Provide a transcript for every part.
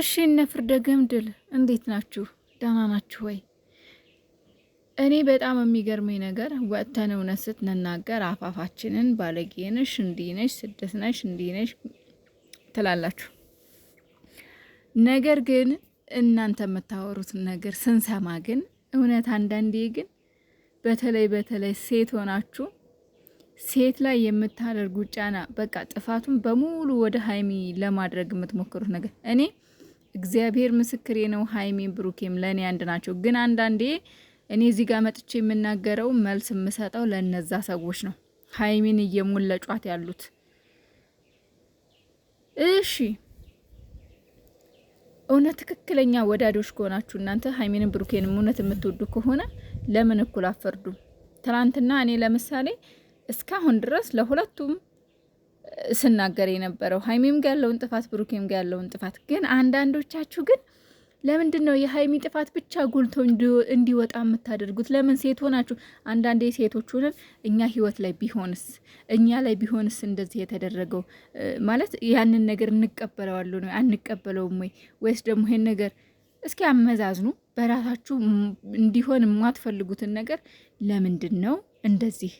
እሺ እነ ፍርደ ገምድል እንዴት ናችሁ? ደህና ናችሁ ወይ? እኔ በጣም የሚገርመኝ ነገር ወጥተን እውነት ስትንናገር አፋፋችንን ባለጌነሽ፣ እንዲህ ነሽ፣ ስደት ነሽ፣ እንዲህ ነሽ ትላላችሁ። ነገር ግን እናንተ የምታወሩት ነገር ስንሰማ ግን እውነት አንዳንዴ ግን በተለይ በተለይ ሴት ሆናችሁ ሴት ላይ የምታደርጉ ጫና በቃ ጥፋቱን በሙሉ ወደ ሀይሚ ለማድረግ የምትሞክሩት ነገር እኔ እግዚአብሔር ምስክሬ ነው። ሀይሜም ብሩኬም ለእኔ አንድ ናቸው። ግን አንዳንዴ እኔ እዚህ ጋር መጥቼ የምናገረው መልስ የምሰጠው ለእነዛ ሰዎች ነው። ሀይሜን እየሞለጯት ያሉት እሺ፣ እውነት ትክክለኛ ወዳዶች ከሆናችሁ እናንተ ሀይሜንም ብሩኬንም እውነት የምትወዱ ከሆነ ለምን እኩል አፈርዱም? ትናንትና እኔ ለምሳሌ እስካሁን ድረስ ለሁለቱም ስናገር የነበረው ሀይሚም ጋ ያለውን ጥፋት፣ ብሩኬም ጋ ያለውን ጥፋት። ግን አንዳንዶቻችሁ ግን ለምንድን ነው የሀይሚ ጥፋት ብቻ ጎልቶ እንዲወጣ የምታደርጉት? ለምን ሴት ሆናችሁ? አንዳንዴ ሴቶች እኛ ህይወት ላይ ቢሆንስ እኛ ላይ ቢሆንስ እንደዚህ የተደረገው ማለት ያንን ነገር እንቀበለዋለን ነው አንቀበለውም ወይ ወይስ ደግሞ ይሄን ነገር እስኪ አመዛዝኑ። በራሳችሁ እንዲሆን የማትፈልጉትን ነገር ለምንድን ነው እንደዚህ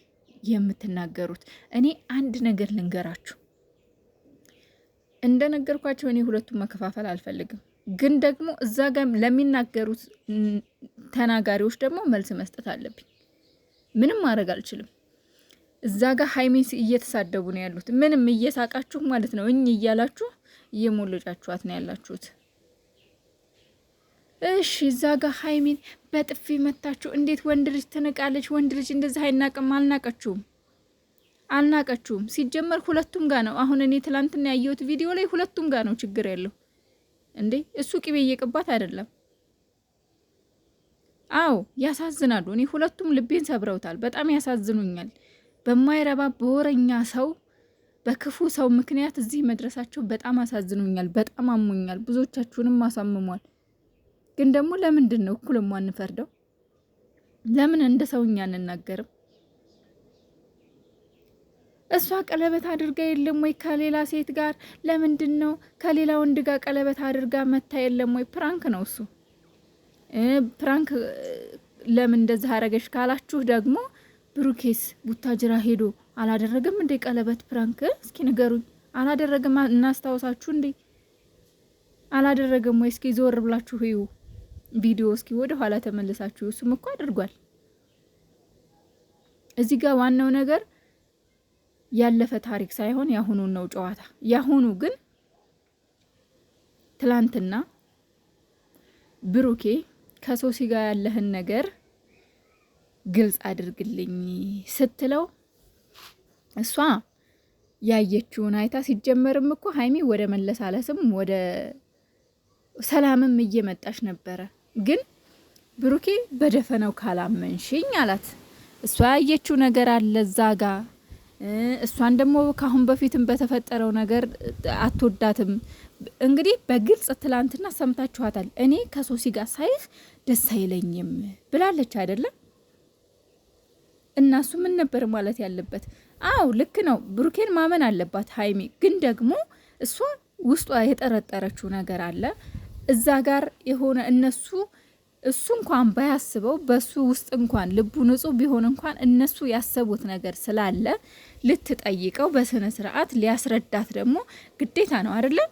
የምትናገሩት? እኔ አንድ ነገር ልንገራችሁ። እንደነገርኳቸው እኔ ሁለቱን መከፋፈል አልፈልግም፣ ግን ደግሞ እዛ ጋር ለሚናገሩት ተናጋሪዎች ደግሞ መልስ መስጠት አለብኝ። ምንም ማድረግ አልችልም። እዛ ጋር ሀይሜን እየተሳደቡ ነው ያሉት። ምንም እየሳቃችሁ ማለት ነው እኝ እያላችሁ እየሞለጫችኋት ነው ያላችሁት። እሺ እዛ ጋር ሀይሚን በጥፊ መታችሁ። እንዴት ወንድ ልጅ ትንቃለች? ወንድ ልጅ እንደዚህ አይናቅም። አልናቀችውም አልናቀችውም። ሲጀመር ሁለቱም ጋ ነው። አሁን እኔ ትላንትና ያየሁት ቪዲዮ ላይ ሁለቱም ጋ ነው ችግር ያለው። እንዴ እሱ ቅቤ እየቅባት አይደለም። አዎ ያሳዝናሉ። እኔ ሁለቱም ልቤን ሰብረውታል። በጣም ያሳዝኑኛል። በማይረባ በወረኛ ሰው በክፉ ሰው ምክንያት እዚህ መድረሳቸው በጣም አሳዝኑኛል። በጣም አሙኛል ብዙዎቻችሁንም አሳምሟል። ግን ደግሞ ለምንድን ነው እኩል የማንፈርደው? ለምን እንደ ሰውኛ አንናገርም? እሷ ቀለበት አድርጋ የለም ወይ ከሌላ ሴት ጋር? ለምንድን ነው ከሌላ ወንድ ጋር ቀለበት አድርጋ መታ የለም ወይ? ፕራንክ ነው እሱ ፕራንክ። ለምን እንደዚህ አረገች ካላችሁ ደግሞ ብሩኬስ ቡታጅራ ሄዶ አላደረገም እንዴ ቀለበት? ፕራንክ እስኪ ንገሩኝ። አላደረገም እናስታውሳችሁ እንዴ? አላደረገም ወይ? እስኪ ዞር ብላችሁ ይዩ። ቪዲዮ እስኪ ወደ ኋላ ተመልሳችሁ እሱም እኮ አድርጓል። እዚህ ጋር ዋናው ነገር ያለፈ ታሪክ ሳይሆን ያሁኑን ነው ጨዋታ። ያሁኑ ግን ትላንትና ብሩኬ ከሶሲ ጋር ያለህን ነገር ግልጽ አድርግልኝ ስትለው እሷ ያየችውን አይታ ሲጀመርም እኮ ሀይሚ ወደ መለሳለስም ወደ ሰላምም እየመጣች ነበረ። ግን ብሩኬ በደፈነው ካላመንሽኝ አላት። እሷ ያየችው ነገር አለ እዛ ጋ። እሷን ደግሞ ካሁን በፊትም በተፈጠረው ነገር አትወዳትም። እንግዲህ በግልጽ ትላንትና ሰምታችኋታል። እኔ ከሶሲ ጋር ሳይህ ደስ አይለኝም ብላለች አይደለም? እናሱ ምን ነበር ማለት ያለበት? አው ልክ ነው። ብሩኬን ማመን አለባት ሀይሚ። ግን ደግሞ እሷ ውስጧ የጠረጠረችው ነገር አለ እዛ ጋር የሆነ እነሱ እሱ እንኳን ባያስበው በሱ ውስጥ እንኳን ልቡ ንጹህ ቢሆን እንኳን እነሱ ያሰቡት ነገር ስላለ ልትጠይቀው በስነ ስርዓት ሊያስረዳት ደግሞ ግዴታ ነው አይደለም።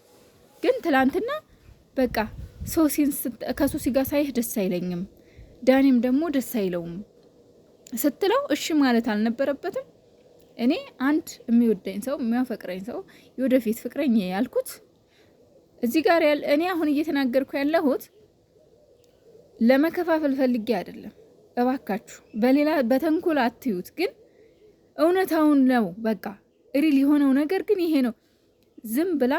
ግን ትላንትና በቃ ሶሲን ከሶሲ ጋር ሳይህ ደስ አይለኝም፣ ዳኒም ደግሞ ደስ አይለውም ስትለው እሺ ማለት አልነበረበትም። እኔ አንድ የሚወደኝ ሰው የሚያፈቅረኝ ሰው የወደፊት ፍቅረኝ ያልኩት እዚህ ጋር ያለ እኔ አሁን እየተናገርኩ ያለሁት ለመከፋፈል ፈልጌ አይደለም። እባካችሁ በሌላ በተንኮል አትዩት፣ ግን እውነታውን ነው። በቃ እሪል የሆነው ነገር ግን ይሄ ነው። ዝም ብላ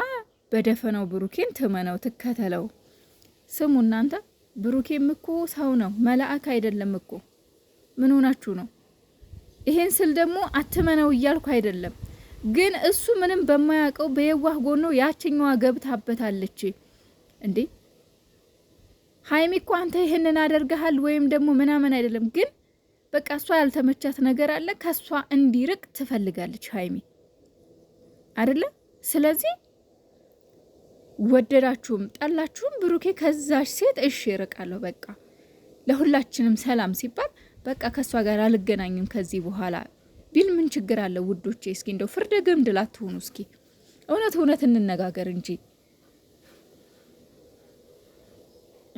በደፈነው ብሩኬን ትመነው ትከተለው። ስሙ እናንተ፣ ብሩኬም እኮ ሰው ነው፣ መላእክ አይደለም እኮ። ምን ሆናችሁ ነው? ይሄን ስል ደግሞ አትመነው እያልኩ አይደለም። ግን እሱ ምንም በማያውቀው በየዋህ ጎኖ ያችኛዋ ገብታበታለች። እንዴ ሀይሚ እኮ አንተ ይህንን አደርግሃል ወይም ደግሞ ምናምን አይደለም፣ ግን በቃ እሷ ያልተመቻት ነገር አለ፣ ከእሷ እንዲርቅ ትፈልጋለች ሀይሚ አደለ ስለዚህ ወደዳችሁም ጠላችሁም ብሩኬ ከዛች ሴት እሺ ይርቃለሁ፣ በቃ ለሁላችንም ሰላም ሲባል በቃ ከእሷ ጋር አልገናኝም ከዚህ በኋላ ቢል ምን ችግር አለ ውዶቼ? እስኪ እንደው ፍርደ ገምድ ላትሆኑ እስኪ እውነት እውነት እንነጋገር እንጂ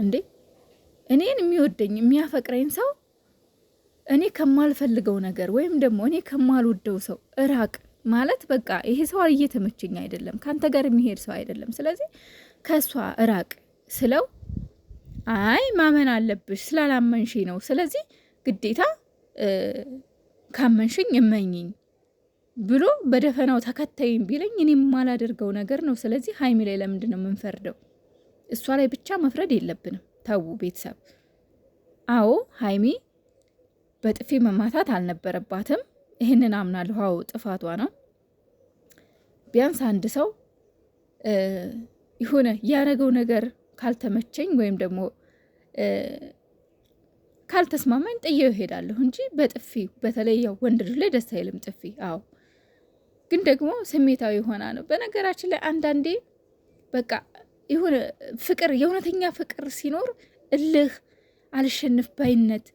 እንዴ እኔን የሚወደኝ የሚያፈቅረኝ ሰው እኔ ከማልፈልገው ነገር ወይም ደግሞ እኔ ከማልወደው ሰው እራቅ ማለት በቃ ይሄ ሰው እየተመቸኝ አይደለም፣ ከአንተ ጋር የሚሄድ ሰው አይደለም፣ ስለዚህ ከእሷ እራቅ ስለው አይ ማመን አለብሽ ስላላመንሽ ነው፣ ስለዚህ ግዴታ ካመንሽኝ እመኝኝ ብሎ በደፈናው ተከታይም ቢለኝ እኔ የማላደርገው ነገር ነው። ስለዚህ ሀይሚ ላይ ለምንድን ነው የምንፈርደው? እሷ ላይ ብቻ መፍረድ የለብንም። ተዉ ቤተሰብ። አዎ ሀይሚ በጥፊ መማታት አልነበረባትም። ይህንን አምናለሁ። አዎ ጥፋቷ ነው። ቢያንስ አንድ ሰው የሆነ ያደረገው ነገር ካልተመቸኝ ወይም ደግሞ ካልተስማማኝ ጥዬው እሄዳለሁ እንጂ በጥፊ በተለይ ያው ወንድ ልጅ ላይ ደስ አይልም ጥፊ። አዎ ግን ደግሞ ስሜታዊ ሆና ነው። በነገራችን ላይ አንዳንዴ በቃ የሆነ ፍቅር የእውነተኛ ፍቅር ሲኖር እልህ፣ አልሸንፍ ባይነት፣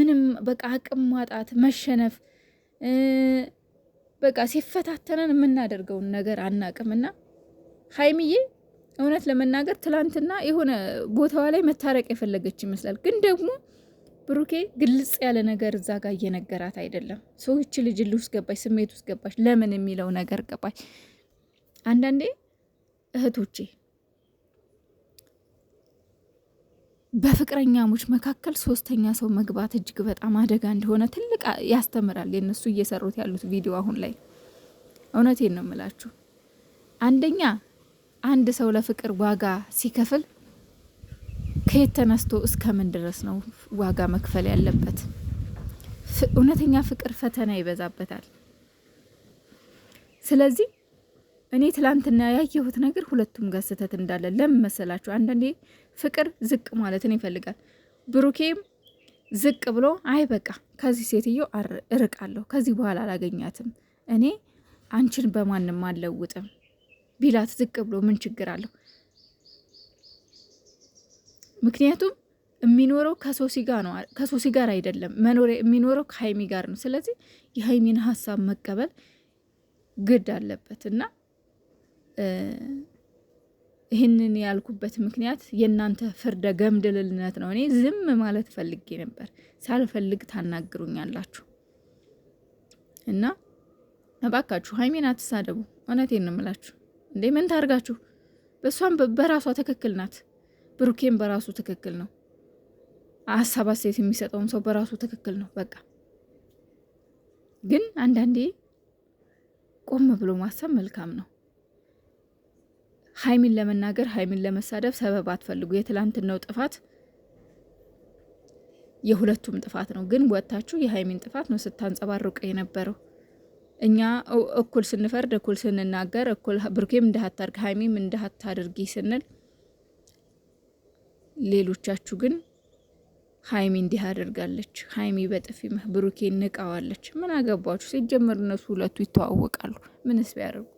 ምንም በቃ አቅም ማጣት፣ መሸነፍ በቃ ሲፈታተነን የምናደርገውን ነገር አናቅምና ሀይሚዬ እውነት ለመናገር ትላንትና የሆነ ቦታዋ ላይ መታረቅ የፈለገች ይመስላል ግን ደግሞ ብሩኬ ግልጽ ያለ ነገር እዛ ጋር እየነገራት አይደለም። ሰዎች ልጅ ውስጥ ገባች፣ ስሜት ውስጥ ገባች፣ ለምን የሚለው ነገር ገባች። አንዳንዴ እህቶቼ በፍቅረኛሞች መካከል ሶስተኛ ሰው መግባት እጅግ በጣም አደጋ እንደሆነ ትልቅ ያስተምራል። የእነሱ እየሰሩት ያሉት ቪዲዮ አሁን ላይ እውነቴን ነው የምላችሁ። አንደኛ አንድ ሰው ለፍቅር ዋጋ ሲከፍል ከየት ተነስቶ እስከምን ድረስ ነው ዋጋ መክፈል ያለበት? እውነተኛ ፍቅር ፈተና ይበዛበታል። ስለዚህ እኔ ትላንትና ያየሁት ነገር ሁለቱም ጋር ስህተት እንዳለ ለምን መሰላችሁ? አንዳንዴ ፍቅር ዝቅ ማለትን ይፈልጋል። ብሩኬም ዝቅ ብሎ አይ በቃ ከዚህ ሴትዮ እርቃለሁ፣ ከዚህ በኋላ አላገኛትም፣ እኔ አንቺን በማንም አልለውጥም ቢላት ዝቅ ብሎ ምን ችግር አለሁ? ምክንያቱም የሚኖረው ከሶሲ ጋር ነው፣ ከሶሲ ጋር አይደለም መኖሪያ የሚኖረው ከሀይሚ ጋር ነው። ስለዚህ የሀይሚን ሀሳብ መቀበል ግድ አለበት እና ይህንን ያልኩበት ምክንያት የእናንተ ፍርደ ገምድልነት ነው። እኔ ዝም ማለት ፈልጌ ነበር፣ ሳልፈልግ ታናግሩኛላችሁ እና እባካችሁ ሀይሜን አትሳደቡ። እውነቴን ነው የምላችሁ። እንዴ ምን ታርጋችሁ? በእሷም በራሷ ትክክል ናት። ብሩኬን በራሱ ትክክል ነው። ሀሳብ አስተያየት የሚሰጠውም ሰው በራሱ ትክክል ነው። በቃ ግን አንዳንዴ ቆም ብሎ ማሰብ መልካም ነው። ሀይሚን ለመናገር ሀይሚን ለመሳደብ ሰበብ አትፈልጉ። የትላንትናው ጥፋት የሁለቱም ጥፋት ነው፣ ግን ወጥታችሁ የሀይሚን ጥፋት ነው ስታንጸባርቁ የነበረው። እኛ እኩል ስንፈርድ፣ እኩል ስንናገር፣ እኩል ብሩኬም እንዳታርግ ሀይሚም እንዳታድርጊ ስንል ሌሎቻችሁ ግን ሀይሚ እንዲህ አድርጋለች፣ ሀይሚ በጥፊ ብሩኬ ንቃዋለች። ምን አገባችሁ? ሲጀምር እነሱ ሁለቱ ይተዋወቃሉ። ምንስ ቢያደርጉ